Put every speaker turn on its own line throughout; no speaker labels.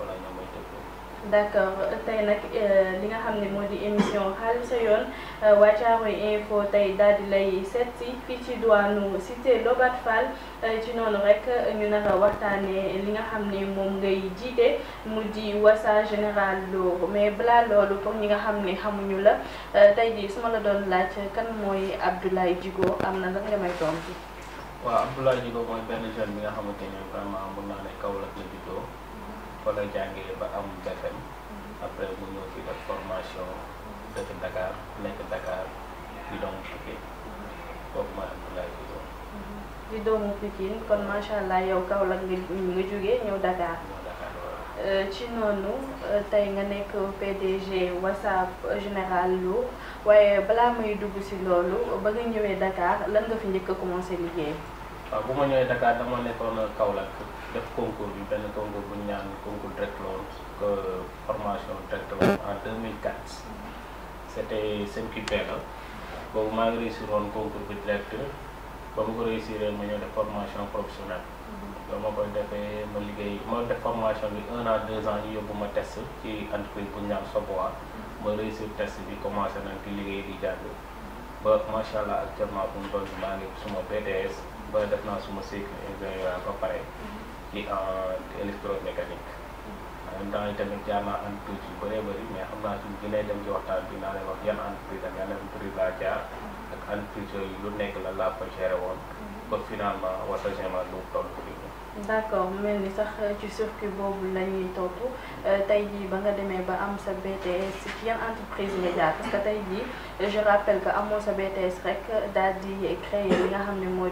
wala ñoom mooy tëggoo.
d' accord tey nag euh, li nga xam ne moo di émission xaalis yoon euh, waa Caaroy info tey daal di lay seet si fii ci diwaanu cité Lobat Fall euh, ci noonu rek ñu nar waxtaan waxtaanee li nga xam ne moom ngay jiite mu di wasa général loolu mais balaa loolu pour ñi nga xam ne xamuñu la tey jii su la doon laaj kan mooy Abdoulaye Djigo am na lan nga may tontu.
waaw Abdoulaye Djigo mooy benn jeune bi nga xamante ne vraiment mun naa ne Kaolack la fa la ba am BFEM après mu ñëw fi def formation dëkk Dakar nekk Dakar di
doomu Pikine kon macha allah yow Kaolack nga nga jógee ñëw Dakar euh, ci noonu euh, tey nga nekk PDG WhatsApp général Lour waaye balaa may dugg si loolu ba nga ñëwee dakaar lan nga fi njëkk a liggéey
waaw bu ma ñëwee Dakar dama nekkoon Kaolack def concours bi benn concours bu ñu ñaan concours direct la woon que formation direct la woon en 2004 c' était SENCUP la boobu maa ngi réussir woon concours bi direct ba ko réussir ma ñëw def formation professionnelle ba ma koy defee ma liggéey ma def formation bi un an deux ans ñu ma test ci entreprise bu ñu ñaan Soboa ma réussir test bi commencé nañ ci liggéey di jàng ba macha allah actuellement bu mu toll maa ngi suma BTS ba def naa suma cycle ba pare kii en euh, électromécanique en même temps tamit jaar naa entreprise yu bëree bëri mais xam naa suñ gënee dem ci waxtaan bi naa leen wax yan entreprise laa jaar ak entreprise yooyu lu nekk la laa ko géré woon mm-hmm. ba finalement wasa géma lu toll
D'accord, accord mu mel ni sax ci circuit boobu la ñuy topp euh, tey jii ba nga demee ba am sa BTS ci yan entreprise nga parce que tey jii je rappelle que amoo sa BTS rek daal di créer li nga xam ne moo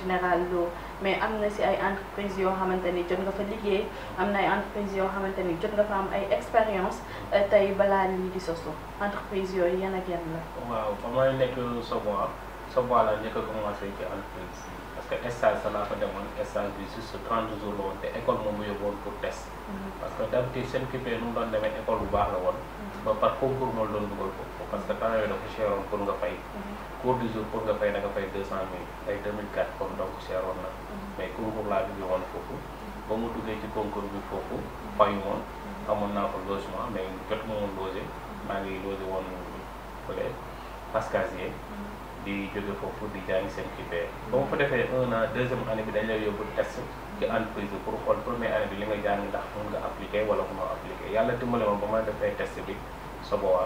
Général Lo mais Amna, na si ay entreprise yoo xamante ni jot nga fa liggéey am na ay entreprise yoo xamante ni jot nga fa am ay expérience euh, tey balaa lii di sosu entreprise yooyu yan ak yan la.
waaw ba may nekk Sobois Sobois la njëkk a commencé ci entreprise. que stage sax laa fa demoon stage bi juste 30 jours la woon te école moom mu yóbbu pour test. Mm-hmm. parce que d'habitude seen QP e nu mu doon demee école bu baax la woon. Mm-hmm. ba par concours moo doon dugal ko parce que temps yooyu dafa cheroon pour nga fay. Mm-hmm. cours du jour pour nga fay da nga fay 200000 ay 2004 comme donc cheroon na. mais concours laa duggee woon foofu. ba mu duggee ci concours bi foofu fayu woon. amoon naa ko logement mais ma woon maa ngi loger woon fële Pascasier. di jóge foofu di jàngi seen QPM. ba mu fa defee un an deuxième année bi dañ lay yóbbu test ci entreprise bi pour xool première année bi li nga jàng ndax mun nga appliquer wala munoo appliquer yàlla dimbale ma ba ma defee test bi Soboa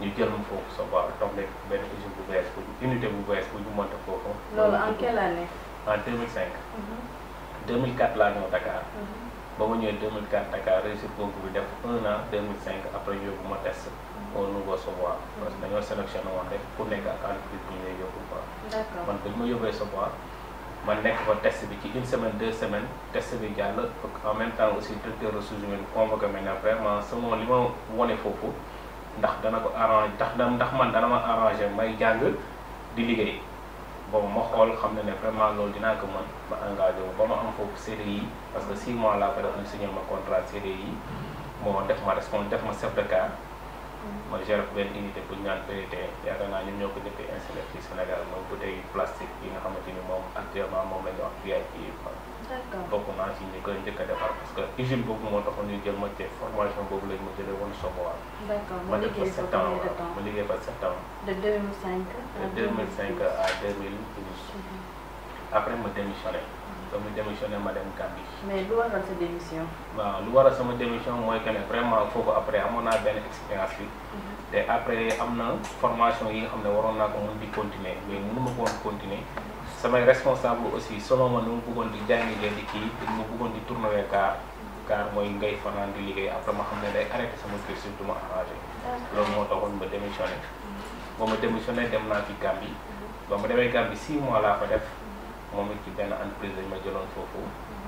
ñu jël mu foofu Soboa tombé benn usine bu bees bu unité bu bees bu ñu monté foofu. loolu en quelle année. en 2005. 2004 mhm. laa ñëw Dakar. Mhm. ba ma ñëwee 2004 Dakar réussir boobu bi def un an 2005 après yóbbu ma test. au niveau Soboa. parce que dañoo sélectionné woon rek ku nekk ak entreprise bi ñu lay yóbbu quoi. d'accord man dañ ma yóbbee Soboa man nekk ko test bi ci une semaine deux semaines test bi jàll en même temps aussi directeur ressources humaines convoqué ma na vraiment sama li ma wone foofu ndax dana ko arrangé ndax ndax man dana ma arrangé may jàng di liggéey boobu ma xool xam ne ne vraiment loolu dinaa ko mën ma engagé ba ma am foofu yi parce que six mois laa ko def ñu ma contrat mm-hmm. moo def ma respon def ma chef de carrière ma gère benn unité bu ñu naan PET yaakaar naa ñun ñoo ko njëkk a installé fii Sénégal mooy bouteille plastique yi nga xamante ni moom actuellement moom la ñu wax VIP yi bokk naa ci ñi koy njëkk a parce que usine boobu moo taxoon ñu jël ma te formation boobu lañ ma jëlee woon Sombowal
ma def fa sept ans ma
liggéey fa sept ans
de 2005
à 2012 mhm. après ma démissionné que mu démissionné ma dem Gambie.
mais lu waral sa démission.
waaw lu waral sama démission mooy que ne vraiment foofu après amoon naa benn expérience bi. Mhm. te après am na formation yi nga xam ne waroon naa ko mun di continuer mais mënu ma ko woon continuer. samay responsable aussi selon ma nu mu buggoon di jàngi leen di kii dañ ma bëggoon di tourner car car mooy ngay fanaan di liggéey après ma xam ne day arrêté sama cursus du ma arrangé. loolu moo taxoon ba démissionné.
Mhm.
ba ma dem naa fi Gambie. Mhm. ba ma demee Gambie 6 mois laa fa def. moom it ci benn entreprise lañ ma jëloon foofu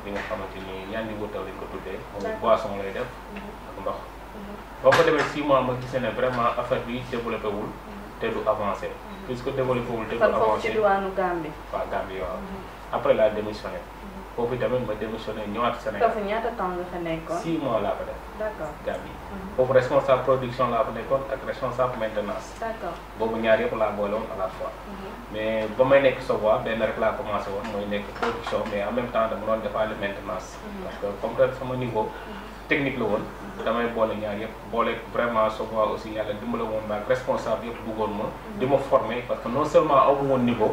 li mhm. nga xamante ni ñaan di wutaw lañ ko tuddee moom boisson lay def mhm. ak ndox mhm. boo ko demee 6 mois ma gisee ne vraiment affaire bi développé wul te du avancé puisque développé wul te du avancé fan foofu ci diwaanu Gambie waaw Gambie waaw après la démissionné foofu tamit ma démissionné ñoo Sénégal. foofu
ñaata temps nga mois laa fa def. d' accord Gambie. Mhm.
foofu responsable production laa fa nekkoon ak responsable maintenance. d' accord boobu ñaar yëpp laa boole woon à la fois. Mhm. mais ba may nekk Soboa benn rek laa commencé woon mooy nekk production mais en même temps dama doon defaale maintenance. Mhm. parce que comme que sama niveau. technique la woon. damay boole ñaar yëpp boole vraiment Soboa aussi yàlla dimbale woon ma ak responsable yëpp bëggoon ma. di ma former parce que non seulement amu woon niveau.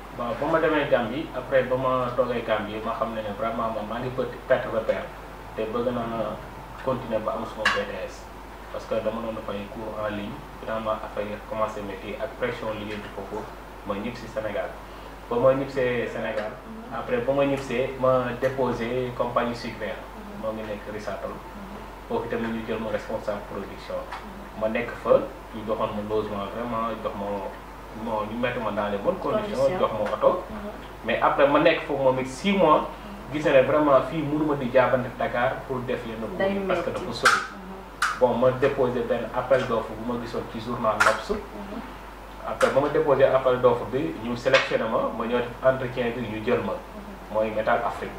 bon ba ma demee Gambie après ba ma toogee Gambie ma xam ne ne vraiment moom maa ngi perte perte repère te bëgg naa continuer ba am suma BTS parce que dama doon dafay cours en ligne finalement affaire yi commencé métier ak pression liggéey bi foofu ma ñib si Sénégal ba ma ñibsee Sénégal mhm. après ba ma ñibsee ma déposé compagnie sucrière mhm. moo ngi nekk Risatol mhm. foofu itam ñu jël ma responsable production ma nekk fa ñu joxoon ma logement vraiment jox ma bon ñu mettre ma dans les bonnes conditions jox ma oto mhm. mais après ma nekk foofu moom it sii mois gis ne vraiment fii mënuma di jaabante Dakar pour def yenn parce que dafa sori
mhm.
bon ma déposé benn appel d'offre bu ma gisoon ci journal L'Obs mhm. après ba ma déposé appel d'offre bi ñu sélectionné ma ma ñëw def entretien bi ñu jël ma mooy Métal Afrique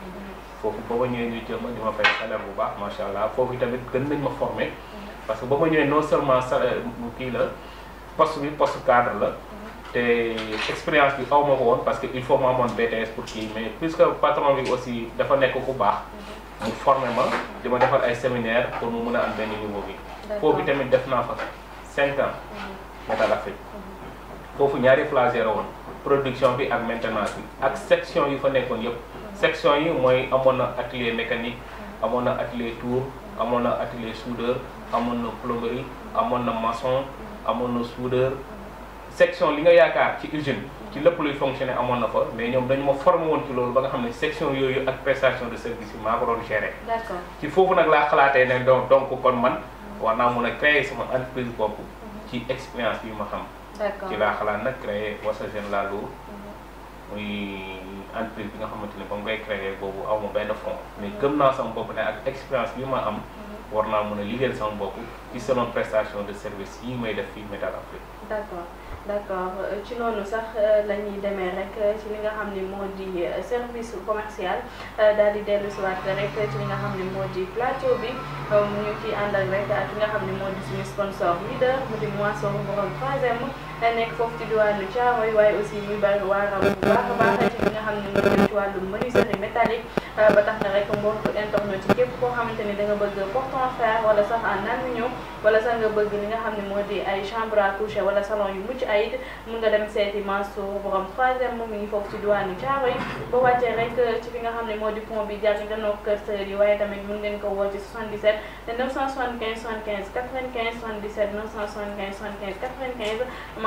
foofu ba ma ñëwee ñu jël ñu ma fay salaire bu baax macha allah foofu tamit gën nañ ma formé parce que ba ma ñëwee non seulement salaire kii la poste bi poste cadre la des expériences qui xaw parce que il faut ma amoon BTS pour qui mais puisque patron lui aussi dafa nekk ku baax mu formé ma di defal ay séminaire pour nous mun a am benn niveau bi foofu tamit def naa fa cinq ans mhm. métal Afrique
mhm.
foofu ñaari flagé woon production bi ak maintenance bi ak mhm. section yu fa nekkoon yëpp section yi mooy amoon na atelier mécanique amoon atelier tour amoon atelier soudeur amoon plomberie amoon maçon amoon soudeur section li nga yaakaar ci usine ci lépp luy fonctionner amoon na fa mais ñoom dañu ma formé woon ci loolu ba nga xam ne section yooyu ak prestation de service yi maa ko ci foofu nag laa xalaatee ne donc donc kon man war naa mun a créer sama entreprise bopp mhm. ci expérience bi ma xam. ci laa xalaat nag créer Wassagen La Lour
mhm.
muy entreprise bi nga xamante ne ba mu koy boobu aw ma benn fond mais mhm. gëm naa sama bopp ne ak expérience bi ma am. war naa mun a liggéeyal sama bopp ci selon prestation de service yi may def fii Métal
Afrique. d'accord euh, ci noonu sax euh, la ñuy demee euh, rek ci li nga xam ni moo di service commercial daal di dellu siwaat rek ci li nga xam ni moo di plateau bi ñu ciy àndal rek ak li nga xam ni moo di suñu sponsor leader mu di Moisson borom 3M. te nekk foofu ci diwaanu Thiaroye waaye aussi muy bàyyi waaram baax a ci li nga xam ne ñu jëm ci wàllu menuiserie métallique ah, ba tax na rek mbokk internet yi képp koo xamante ni da nga bëgg porte en fer wala sax sax nga bëgg li nga xam ne moo di ay chambre à coucher wala salon yu mucc ayit mun nga dem seeti Mansour borom troisième moom mi ngi foofu ci diwaanu Thiaroye boo wàccee rek ci fi nga xam ne moo di pont bi jaar ci gannaaw kër sër yi waaye tamit ko woo ci 77 975 75 95 77 975 75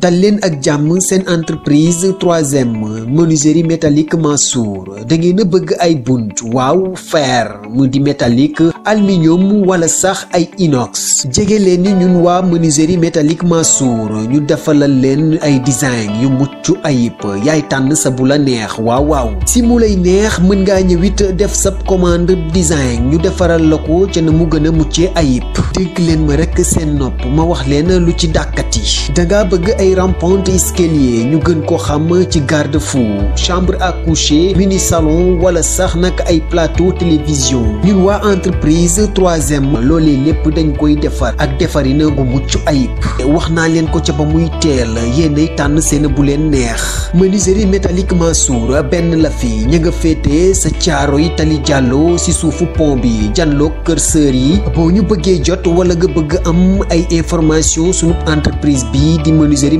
dalen ak jam sen entreprise 3e menuiserie métallique Mansour da ngeen a bëgg ay bunt waaw fer mu di métallique aluminium wala sax ay inox jege leen ni ñun waa menuiserie métallique Mansour ñu defalal leen ay design yu mucc ayib yaay tànn sa bu la neex waaw waaw si mu lay neex mën ngaa ñëwit def sab commande design ñu defaral la ko ca na mu gën a muccee ayib dégg leen ma rek seen nopp ma wax leen lu ci dàkkati da ngaa bëgg taille rampante escalier ñu gën ko xam ci garde-fou chambre à coucher mini salon wala sax nag ay plateau télévision ñun waa entreprise troisième loolee lépp dañ koy defar ak defarina gu mucc ay wax naa leen ko ca ba muy teel yéenay tànn seen bu leen neex menuiserie métallique Mansour benn la fi ña nga féete sa caaro yi tali jàllo si suufu pont bi janloog kër sër yi boo ñu bëggee jot wala nga bëgg am ay information sunu entreprise bi di menuiserie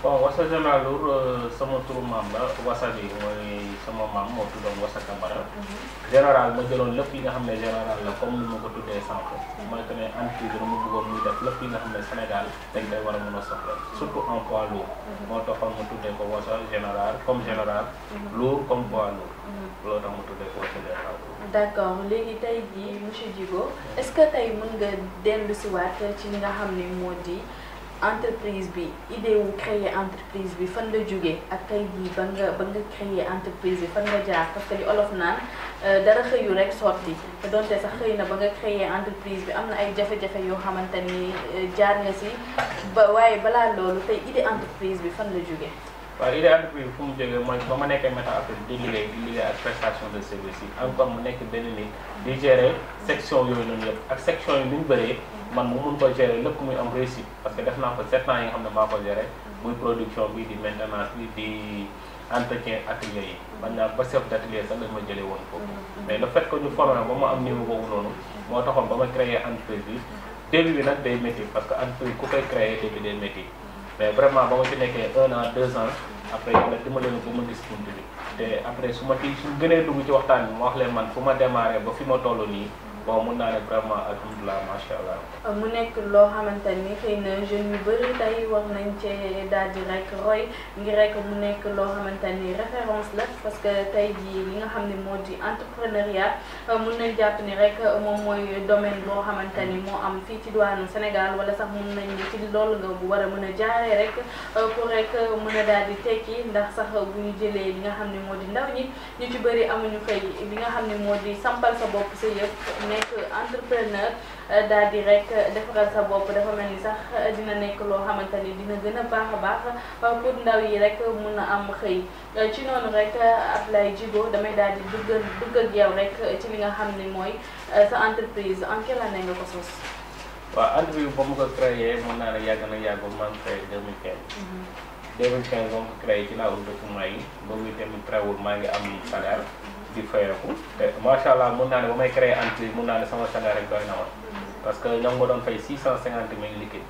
bon wasa général eh, sama turu maam la wasa bi mooy sama maam moo tuddoon wasa Camara mhm. général ma jëloon lépp yi nga xam ne général la comme ni ma ko tuddee sànq mhm. mooy que ne entreprise la mu bëggoon muy def yi nga xam ne Sénégal dañ koy war a mën a mhm. en moo taxoon mu tuddee ko wasa général comme général lourd comme poids lourd loolu tax mu tuddee ko wasa général
d' léegi tey jii monsieur Djigo est ce que tey mën nga dellu si waat ci li nga xam ne moo di entreprise bi idée wu créer entreprise bi fan la jógee ak tey jii ba nga ba nga créer entreprise bi fan nga jaar parce que li olof naan euh, dara xëyu rek sotti te donte sax xëy na ba nga créer entreprise bi am na ay jafe-jafe yoo xamante ni euh, jaar nga si ba waaye balaa loolu tey idée entreprise bi fan la jógee
waaw a entreprise fu mu jógee ba ma nekkee météo affaire di liggéey di liggéey ak prestation de service yi encore mu nekk benn nit di gérer section yooyu noonu yëpp ak section yi ñu bëree man mu mun ko gérer lépp muy am réussite parce que def naa ko 7 ans yi nga xam ne maa ko gérer muy production bi di maintenance bi di entretien atelier yi man naa ba chef d' atelier sax dañ ma jëlee woon foofu mm-hmm. mais le fait que ñu formé ba ma am niveau boobu noonu moo taxoon ba ma créé entreprise bi day métti parce que entreprise ku mais vraiment ba ma ci nekkee un an deux ans après yàlla dimbali na ba ma gis bunt bi te après su ma ci su gënee dugg ci waxtaan bi ma wax leen man fu ma démarré ba fi ma toll nii bon mun naa ne
euh, mu nekk loo xamante ni xëy na jeunes yu bëri tey war nañ cee daal di rek roy ngir rek mu nekk loo xamante ni référence la parce que tey jii li nga xam ne moo di entrepreneuriat euh, mun nañ jàpp ni rek euh, moom mooy domaine boo xamante ni moo am fii ci diwaanu Sénégal wala sax mun nañ ci loolu nga war a mën a jaaree rek pour rek mën a daal di tekki ndax sax bu ñu jëlee li nga xam ne moo di ndaw ñi ñu ci bëri amuñu xëy li nga xam ne moo di sampal sa bopp sa yëpp nekk entrepreneur euh, daal di rek euh, defaral sa bopp dafa mel ni sax euh, dina nekk loo xamante ni dina gën a baax a baax pour ndaw yi rek mun na am xëy ci noonu rek Ablaye Djigo damay daal di dugg dugg ak rek ci li nga xam ni mooy sa entreprise en quelle année nga ko sos.
waaw entreprise ba naa la yàgg na yàggul man créé 2015. 2015 mhm. ba mu ko créé ci laa ut documents yi ba muy dem travail maa ngi am salaire. di fayeeku te macha allah mun naa ne ba may créer entreprise mun naa ne sama salaire rek doy na woon parce que ñoo ma doon fay 650 mille liquide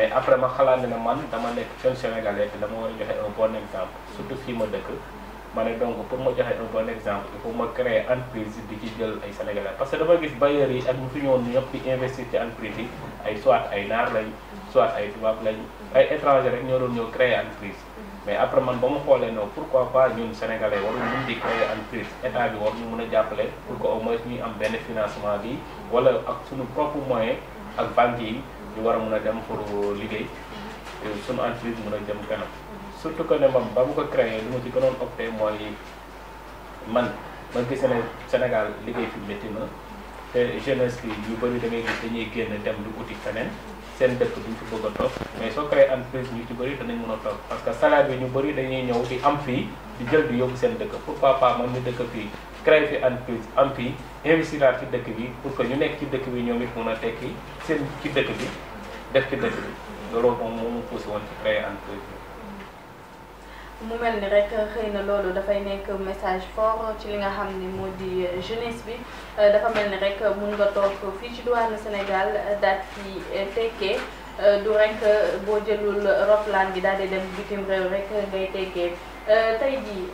mais après ma xalaat ne man dama nekk jeune sénégalais dama war a joxe un bon exemple surtout fii ma dëkk ma ne donc pour ma joxe un bon exemple il faut ma créer entreprise di ci jël ay sénégalais parce que dama gis bailleurs yi ak ñu fi ñëwoon ñëpp di investir ci entreprise yi ay soit ay naar lañ soit ay tubaab lañ ay étranger rek ñoo doon mais après man ba ma xoolee non pourquoi pas ñun sénégalais waruñ mun di créer entreprise état bi war ñu mun a jàppale pour que au moins am benn financement bi wala ak suñu propre moyen ak banque yi ñu war a mun a dem pour liggéey suñu entreprise mun a jëm kanam surtout que ne moom ba mu ko créé li ma ci gënoon opté mooy man ma gis Sénégal liggéey fi métti na te jeunesse bi yu bëri da ngay gis dañuy génn dem lu uti feneen seen dëkk duñ fi bëgg a toog mais soo créé entreprise ñu ci bëri danañ mën a toog parce que salaire bi ñu bëri dañuy ñëw di am fii di jël di yóbbu seen dëkk pourquoi pas man ñu dëkk fii créé fi entreprise am fii investir ci dëkk bi pour que ñu nekk ci dëkk bi ñoom it mën a tekki seen ci dëkk bi def ci dëkk bi loolu moom moo mu poussé woon ci créé entreprise
mu mel ni rek xëy na loolu dafay nekk message fort ci li nga xam ni moo di jeunesse bi euh, dafa mel ni rek mun nga toog fii ci duwaanu Sénégal daal ci tekkee euh, du rek boo jëlul roplaan gi daal di dem bitim réew rek ngay tekkee euh, tey jii.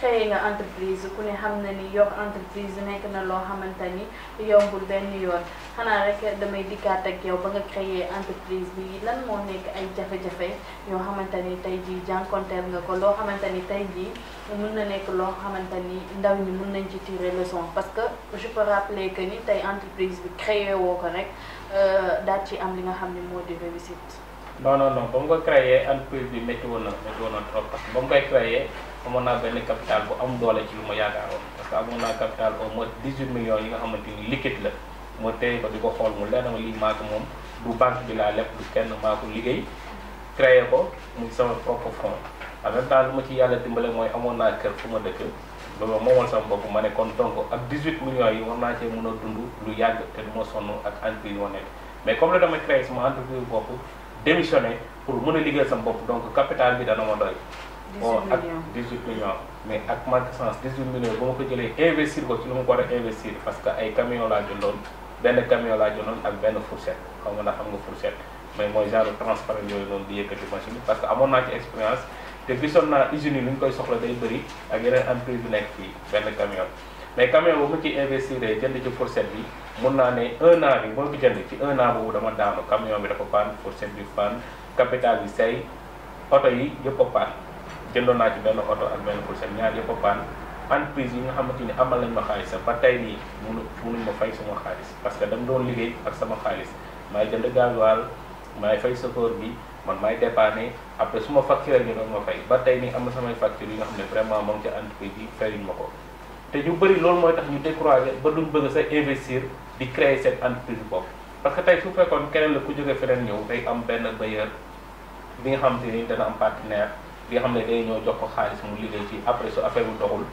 créer nga entreprise ku ne xam na ni yor entreprise nekk na loo xamante ni yombul benn yoon xanaa rek damay dikkaat ak yow ba nga créer entreprise bi lan moo nekk ay jafe-jafe yoo xamante ni tey jii jànkonteel nga ko loo xamante ni tey jii mun na nekk loo xamante ni ndaw ñi mun nañ ci tirer leçon parce que je peux rappeler que ni tey entreprise bi créer woo ko rek euh, daal ci am li nga xam ni moo di réussite.
non non non ba mu ko créer entreprise bi métti woon na métti trop parce que ba amoon naa benn capital bu am doole ci lu ma yaakaaroon parce que amoon naa capital au moins 18 millions yi nga xamante ni liquide la moo téye ko di ko xool mu leer na ma moom laa lépp du kenn maa ko liggéey créé ko muy sama propre fonds lu ma ci yàlla dimbale mooy amoon naa kër fu ma dëkk ma moomal sama bopp ma ne kon donc ak 18 millions yi war naa cee mën a dund lu yàgg te du ma sonn ak entreprise moo nekk mais comme la dama créé sama entreprise bopp démissionné pour mën a liggéey sama bopp donc capital bi dana ma bon ak 18 millions mais ak marque essence 18 millions ba ma ko jëlee investir ko ci lu ma ko war a investir parce que ay camion laa jëndoon benn camion laa jëndoon ak benn fourchette xaw ma ndax xam nga fourchette mais mooy genre transparent yooyu noonu di yëkkati machine parce que amoon naa ci expérience te gisoon naa usines yi lu ñu koy soxla day bëri ak yeneen entreprise bi nekk fii benn camion mais camion boobu ma ciy investir jënd ci fourchette bi mun naa ne un an bi moo ko jënd ci un an boobu dama daanu camion bi dafa paan fourchette bi paan capital bi say oto yi jëndoon naa ci benn oto ak benn fourchette ñaar yëpp a paan entreprise yi nga xamante ni amal nañ ma xaalis ba tey nii munu munuñ ma fay sama xaalis parce que dama doon liggéey ak sama xaalis maay jënd gasoil maay fay chauffeur bi man maay dépanner après su ma facture ma fay ba tey nii am na samay facture yi nga xam ne vraiment moom ci entreprise yi fayuñ ma ko te ñu bëri loolu mooy tax ñu découragé ba duñ bëgg sa investir di créer seen entreprise bopp parce que tey su fekkoon keneen la ku jógee feneen ñëw day am benn bailleur bi nga xamante ni dana am partenaire li xam ne day ñëw jox ko xaalis mu liggéey ci après su affaire bi doxul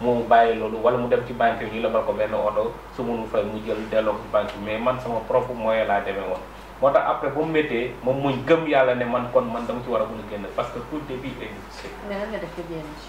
mu bàyyi loolu wala mu dem ci banque bi la lebal ko benn oto su mënul fay mu jël delloo ko ci banque mais man sama propre moyen laa demee woon moo tax après ba mu méttee moom muñ gëm yàlla ne man kon man dama ci war a mun génn parce que tout début est
difficile. mais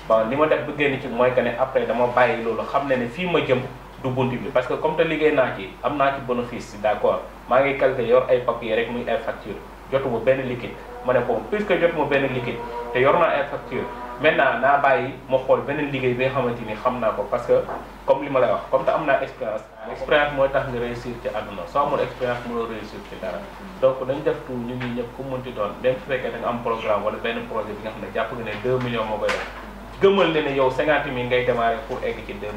ba génn li ma def ba génn ci mooy que ne après dama bàyyi loolu xam ne ne fii ma jëm du bunt bi parce que comme te liggéey naa ci am naa ci bénéfice d' accord ngi calculer yor ay papiers rek muy ay facture jotuma benn liquide. ma ne ko puisque jotuma benn liquide te yor naa ay facture maintenant naa bàyyi ma xool beneen liggéey bi nga xamante ni xam naa ko parce que comme li ma lay wax comme te am naa expérience expérience mooy tax nga réussir ci àdduna soo amul expérience mënoo réussir ci dara donc dañ def tout ñu ñi ñëpp ku mënti doon dem su fekkee da nga am programme wala benn projet bi nga xam ne jàpp nga ne 2 millions moo koy def ne ne yow 50 ngay démarrer pour egg ci 2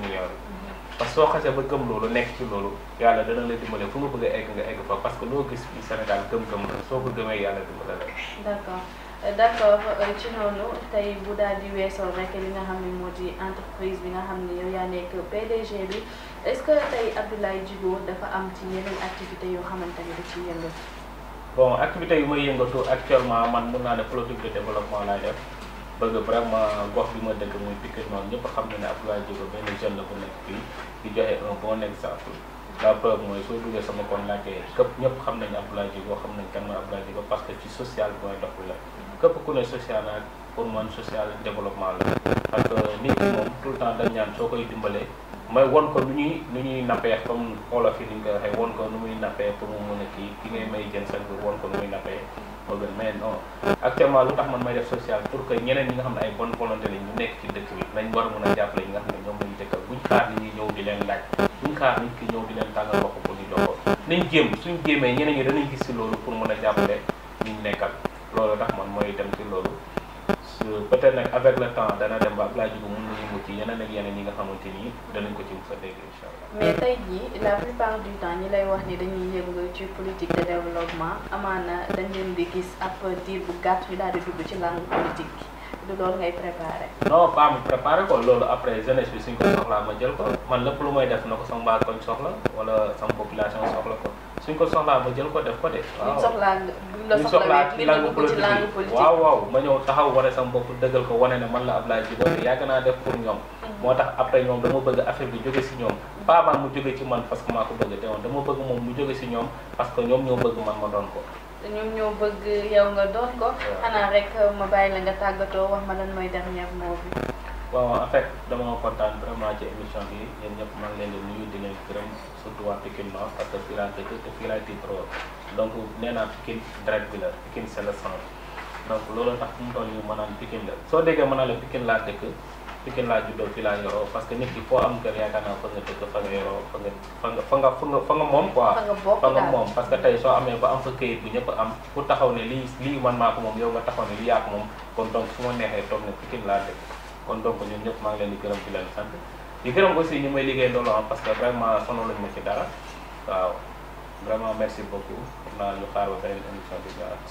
parce soo xasee ba gëm loolu nekk ci loolu yàlla dana la dimbale fu nga bëgg a egg nga egg fa parce que loo gis fii Sénégal gëm-gëm la soo ko gëmee yàlla dimbale la.
d'accord euh, d'accord euh, ci noonu tey bu daal di weesoo rek li nga xam ne moo di entreprise bi nga xam ne yow yaa nekk PDG bi est-ce que tey Abdoulaye Djigo dafa am ci yeneen activité yoo xamante ne da ciy yëngatu.
bon activité yu may yëngatu actuellement man mun naa ne politique de développement laay def. bëgg vraiment gox bi ma dëkk muy Pikine noonu ñëpp xam na ne Abdoulaye Djigo benn jeune la bu nekk fii di joxe un bon exemple la preuve mooy soo duggee sama kon laajtee képp ñëpp xam nañu Abdoulaye Djigo xam nañ kan mooy Abdoulaye Djigo parce que ci social mooy dox la képp ku ne social nag pour man social développement la parce que nit moom tout le temps dañ ñaan soo koy dimbalee mooy won ko nu ñuy nu ñuy nappee comme olof yi ni ñu koy won ko nu muy nappee pour mu mën a kii ki ngay may jën sax won ko nu muy nappee moo gën mais non actuellement lu tax man may def social pour que ñeneen ñi nga xam ne ay bonne volonté lañ ñu nekk ci dëkk bi nañ war a a jàppale ñi nga xam ne ñoom lañu dëkkal buñ xaar ni ñuy ñëw di leen laaj buñ xaar nit ki ñëw di leen tàngal bopp pour ñu jox ko nañ jéem suñ jéemee ñeneen ñi dañuy gis si loolu pour mën a jàppale ñu nekkal loolu tax man mooy dem ci loolu peut être nag avec le temps dana dem ba Ablaye Diouf mun nañu mucc yeneen ak yeneen yi nga xamante ni ko ci dégg
allah.
mais tey jii la plupart du temps ñi lay wax ni dañuy yëngu ci politique de développement amaana dañ leen di gis ab diir bu gàtt ñu daal di dugg ci langue politique du loolu ngay préparé.
non pas mu préparé ko loolu après jeunesse bi suñ ko soxlaa ma jël ko man lu may def sama soxla wala sama population soxla ko. suñ ko soxlaa ma jël ko def ko de. waaw
la soxlawee bindal ko ci langue politique waaw
waaw ma ñëw taxaw wane sama bopp dëggal ko wane ne man la Ablaye Djibo yàgg naa def pour ñoom. Mm-hmm. moo tax après ñoom dama bëgg affaire bi jóge si ñoom. pas man mu jóge ci man parce que maa ko bëgg te woon dama bëgg moom mu jóge si ñoom parce que ñoom ñoo bëgg man ma doon ko.
ñoom ñoo bëgg yow nga doon ko. xanaa rek ma bàyyi la nga tàggatoo wax ma lan mooy dernier mot bi.
waaw en fait. kontaan vraiment ci émission bi yéen ñëpp maa ngi leen di nuyu di leen gërëm surtout waa Pikine Nord parce que fii laa dëkk te fii laa tiitaroo donc nee naa Pikine bi la Pikine c'est le sang donc tax fu mu toll nii ma naan Pikine la soo déggee ma naan laa dëkk Pikine laa juddoo fii laa yoroo parce que nit ki foo am kër yaakaar naa fa nga dëkk fa nga yoroo fa nga fa nga fa nga moom quoi fa nga moom parce que tey soo amee ba am fa këyit bi ñëpp am ku taxaw ne lii lii man maa ko moom yow nga taxaw kon donc su neexee toog ne laa dëkk kon donc ñoom ñëpp maa ngi leen di gërëm di leen sant di gërëm aussi ñu may liggéey loolu am ah parce que vraiment sonaluñu ma ci dara waaw vraiment merci beaucoup xam naa ñu
xaar ba beneen émission at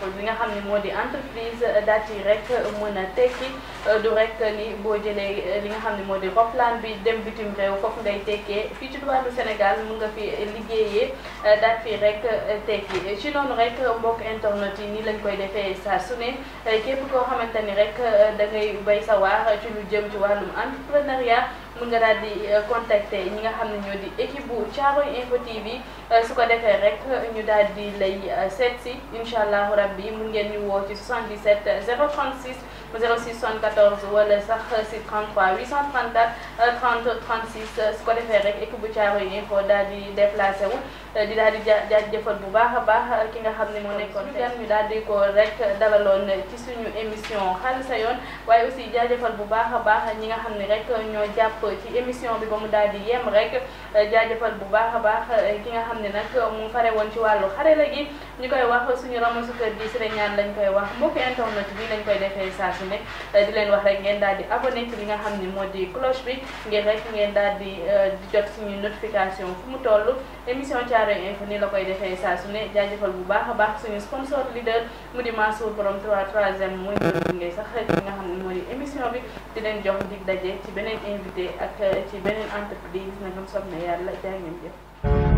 koñ li nga xam ne moo di entreprise daal di rek mën a tekki du rek ni boo jëlee li nga xam ne moo di roplaan bi dem bitim réew foofu ngay tekkee fii ci duwaanu Sénégal mun nga fi liggéeyee daal fi rek tekki ci loolu rek mbokk internet yi nii lañ koy defee saa su ne képp koo xamante ni rek da ngay bay sa waar ci lu jëm ci wàllum entrepreneuriat. mën nga daal di euh, contacter ñi nga xam ne ñoo di équipe bu Thiaroye Info TV euh, su ko defee rek ñu daal di lay euh, seet si incha allahu rabbi mu ngeen ñu woo ci 77 036 06 74 wala sax si 33 834 30 36 su ko defee rek équipe bu Thiaroye Info daal di déplacé wu. Euh, di daal di ja jaajëfal bu baax a baax ki nga xam ne moo nekkoon gan ñu daal di ko rek dalaloon ci suñu émission xaalis sa yoon waaye aussi jaajëfal bu baax a baax ñi nga xam ne rek ñoo jàpp ci émission bi ba mu daal di yem rek euh, jaajëfal bu baax a baax euh, ki nga xam ne nag mu fare woon ci wàllu xarala gi ñu koy wax suñu ramasu kër gi Siré Niane lañ koy wax mbokk internet bi lañ koy defee saa su nekk di leen wax rek ngeen daal di abonné li nga xam ne moo di cloche bi ngir rek ngeen daal di di jot suñu notification fu mu toll Caaroy info ni la koy defee saa su ne jaajëfal bu baax a baax suñu sponsor leader mu di Mansour borom 3/3ème mooy ngay sax ki nga xam ne mooy émission bi di leen jox di daje ci beneen invité ak ci beneen entreprise nagam sob na yàlla jaa ngeen